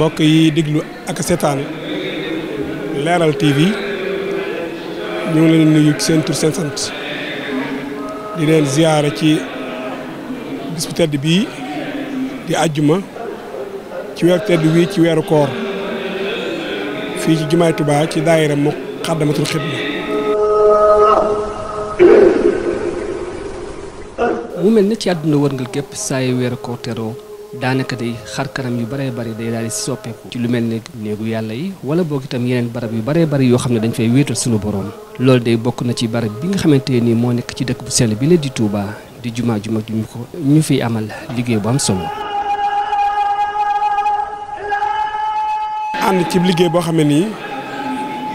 mbokk yi diglu ak seetaan leeral TV ñu ngi leen nuyu seen tur seen sant di leen ziyaare ci bis bu tedd bii di àjjuma ci weeru tedd wii ci weeru koor fii ci jumaay Tuubaa ci daayira mu xaddamatul xidma mu mel na ci àdduna wërngal képp saa weeru koor teroo daanaka day xar kanam yu bëree bëri day daal di soppeeku ci lu mel ne néegu yàlla yi wala boog itam yeneen barab yu bëree bëri yoo xam ne dañ fay wéetal suñu borom loolu day bokk na ci barab bi nga xamante nii moo nekk ci dëkk bu sell bi la di Touba di jumaa ju mag ñu ko ñu fiy amal liggéey bu am solo ànd ci liggéey boo xam ne nii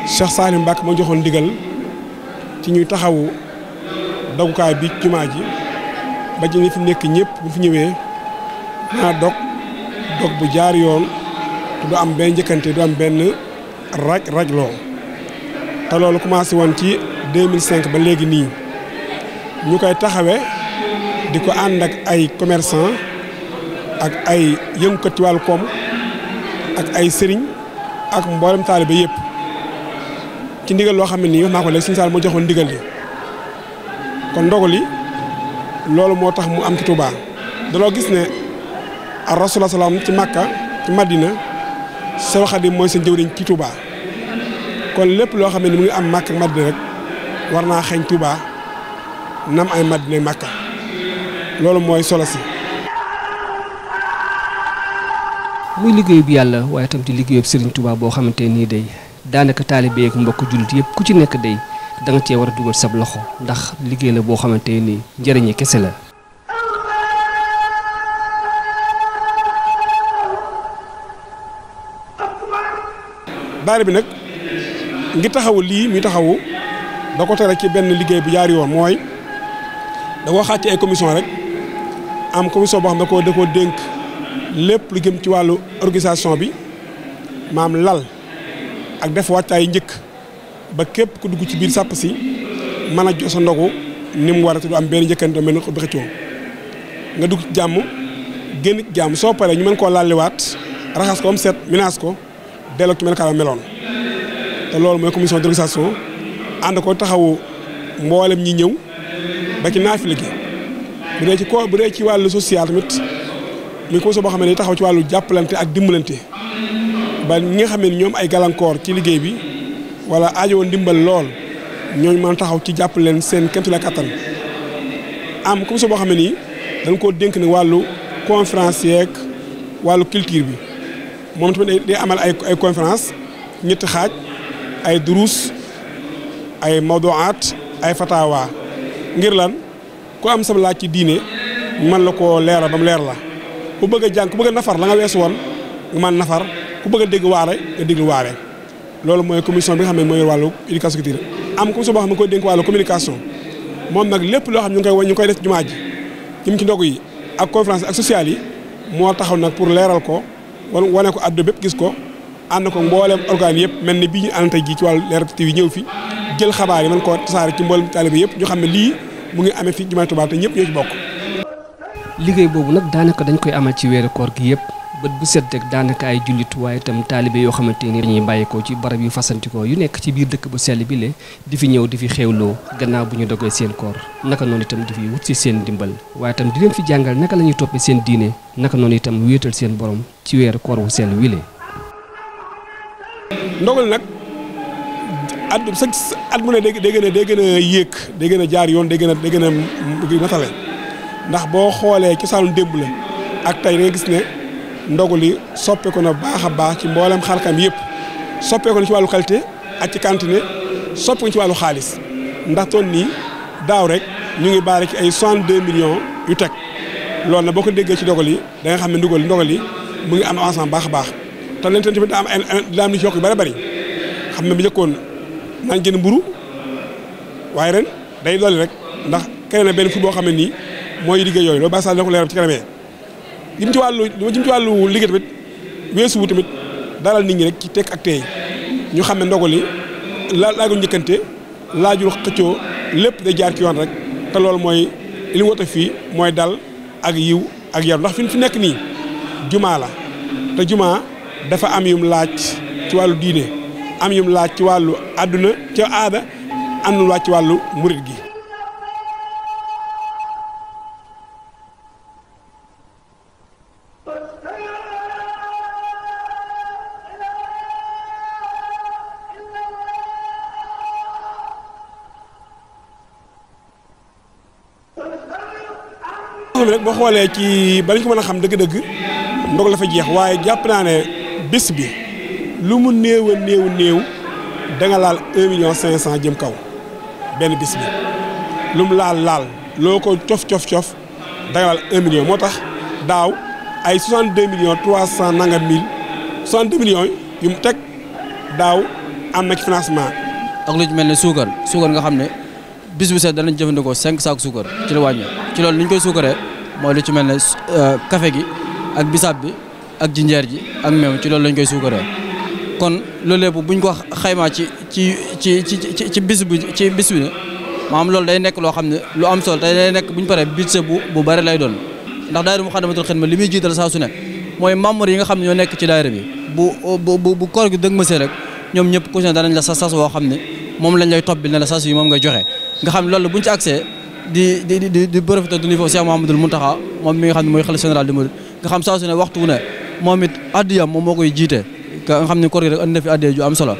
Cheikh Salim Mbacke ma joxoon ndigal ci ñuy taxawu dagukaay bi jumaa ji ba ci ñi fi nekk ñëpp bu fi ñëwee naa dog dog bu jaar yoon te du am benn njëkkante du am benn raj raj loo te loolu commencé woon ci 2005 ba léegi nii ñu koy taxawee di ko ànd ak ay commerçant ak ay yëngukat ci wàllu koom ak ay sëriñ ak mboolem taalibe yépp ci ndigal loo xam ne nii wax naa ko léegi suñu saal joxoon ndigal li kon ndogu li loolu moo tax mu am ci Touba daloo gis ne ak rasulullah salaam ci Makka ci Madina Seex Xaadim mooy sa jëwriñ ci Touba kon lépp loo xam ne mu ngi am Makka ak Madina rek war naa xeeñ Touba nam ay Madina Makka loolu mooy solo si. muy liggéey bi yàlla waaye itam di liggéeyub Serigne Touba boo xamante nii day daanaka taalibe yeeg mbokk jullit yëpp ku ci nekk day danga cee war a dugal sab loxo ndax liggéey la boo xamante nii njëriñi kese la. baare bi nag ngi taxawu lii muy taxawu da ko tere ci benn liggéey bu jaar yoon mooy da koo xaaj ay commission rek am commission boo xam ne da koo da dénk lépp lu jëm ci wàllu organisation bi maam lal ak def wàccaay njëkk ba képp ku dugg ci biir sàpp si mën a jox sa ndogu ni mu war a te du am benn njëkkante mel ni ko bëgg nga dugg ci jàmm génn jàmm soo paree ñu mën koo lalliwaat raxas ko set minaas ko delloo ci melokaan meloon te loolu mooy commission d'organisation ànd ko taxawu mboolem ñi ñëw ba ci naafile gi bu dee ci ko bu dee ci wàllu social tamit muy commission boo xam ne taxaw ci wàllu jàppalante ak dimbalante ba ñi nga xam ne ñoom ay gàllankoor ci liggéey bi wala aajowoo ndimbal lool ñooñu mën taxaw ci jàpp leen seen kéemtu la kattan am commission boo xam ne nii dañ koo dénk ne wàllu conférence wàllu culture bi. moom tamit day amal ay ay conférence ñetti xaaj ay duruus ay mawduwaat ay fatawa ngir lan ku am sam laaj ci diine man la koo leeral ba leer la ku bëgg a jàng ku bëgg a nafar la nga weesu woon man nafar ku bëgg a dégg waare nga dégg waare loolu mooy commission bi nga xam ne mooy wàllu éducation am commission boo xam ne koy dénk wàllu communication moom nag lépp loo xam ñu ngi koy ñu ngi koy def jumaa ji jëm ci ndog yi ak conférence ak sociale yi moo taxaw nag pour leeral ko wane ko àdduna bépp gis ko ànd ko mboolem organe yëpp mel ni bii ñu ànd tey jii ci wàllu Leral TV ñëw fi jël xabaar yi man koo tasaare ci mboolem taalibe yëpp ñu xam ne lii mu ngi amee fi jumaay Tuubaa te ñëpp ñoo ci bokk. liggéey boobu nag daanaka dañ koy amal ci weere koor gi yëpp. bët bu set rek daanaka ay jullit waaye itam taalibe yoo xamante ni dañuy bàyyikoo ci barab yu fasantikoo yu nekk ci biir dëkk bu sell bi le di fi ñëw di fi xewloo gannaaw bu ñu dogee seen koor naka noonu itam di fi wut si seen dimbal waaye itam di leen fi jàngal naka la ñuy toppee seen diine naka noonu itam wéetal seen borom ci weeru koor wu sell wile. ndogal nag at sa at mu ne day gën a day gën a yéeg day gën a jaar yoon day gën a a matale ndax ndogu li soppeeku na baax a baax ci mboolem xarkam yëpp soppeeku na ci wàllu qualité ak ci quantité soppeeku ci wàllu xaalis ndax toon nii daaw rek ñu ngi baare ci ay 62 millions yu teg loolu na boo ko déggee ci ndogal yi da xam ne ndogal ndogal yi mu ngi am avancement baax a baax te leen tamit daa am daa am lu ci yokk yu bëri bëri xam ne bu njëkkoon naan gën mburu waaye ren day dolli rek ndax keneen benn fu boo xam ne nii mooy liggéey yooyu loolu baax saa dina ko leeral jëm ci wàllu jëm ci wàllu liggéey tamit weesu wu tamit dalal nit ñi rek ci tekk ak tey ñu xam ne ndogali la laajul njëkkante laajul xëccoo lépp day jaar ci yoon rek te loolu mooy li wote fii mooy dal ak yiw ak yaru ndax fi fi nekk nii jumaa la te jumaa dafa am yum laaj ci wàllu diine am yum laaj ci wàllu àdduna ca aada am yum laaj ci wàllu murit gi bi nag boo xoolee ci ba lañ ko mën a xam dëgg-dëgg ndog la fa jeex waaye jàpp naa ne bis bi lu mu néew a néew néew da laal un million jëm kaw benn bis bi lu mu laal laal loo ko cof cof cof da nga laal moo tax daaw ay 62 millions 300 nangam mille 62 millions yu mu teg daaw am na ci financement. ak lu ci mel ne suukar suukar nga xam ne bis bu set dana jëfandikoo 5 saako suukar ci la wàññi ci loolu ni ñu koy suukaree. mooy lu ci mel ne euh, café gi ak bisaab bi ak jinjeer ji ak meew ci loolu lañ koy suukaree kon loolu bu buñ ko xaymaa ci ci ci ci ci bis bi ci bis bi maanaam loolu day nekk loo xam ne lu am solo day nekk buñ paree budget bu bu bari lay doon ndax daayira Moukhaddamatoul ma li muy jiital saa su ne mooy membre yi nga xam ne ñoo nekk ci daayira bi bu bu bu koor rek ñoom ñëpp ku ci ne danañ la sas sas woo xam ne moom lañ lay topp bi ne la sas yi moom ngay joxe nga xam ne loolu buñ ci accès di di di di profité du niveau Cheikh Mouhamadoul Mountakha moom mi nga xam ne mooy xalifa général di murid nga xam saa su ne waxtu wu ne moom it addiyam moom moo koy jiite nga xam ne kor gi rek andi na ju am solo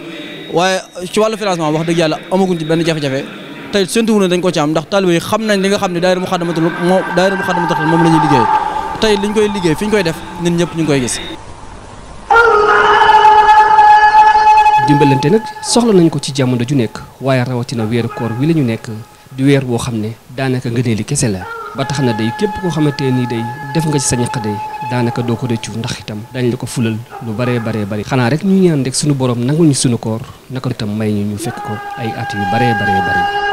waaye ci wàllu financement wax dëgg yàlla amaguñ ci benn jafe-jafe tey séntu wu ne dañ ko ci am ndax taalibe yi xam nañ li nga xam ne daayira Moukhaddamatoul moom daayira Moukhaddamatoul Khidma moom la ñuy liggéey tey liñ koy liggéey fi ñu koy def nit ñëpp ñu ngi koy gis dimbalante nag soxla nañ ko ci jamono ju nekk waaye rawatina weeru koor wi la ñu nekk di weer woo xam ne daanaka ngëneel li kese la ba tax na day képp koo xamante nii day def nga ci sa ñaq day daanaka doo ko rëccu ndax itam dañ la ko fulal lu baree baree bari xanaa rek ñu ñaan rek suñu borom nangul ñu suñu koor naka itam may ñu ñu fekk ko ay at yu baree baree bari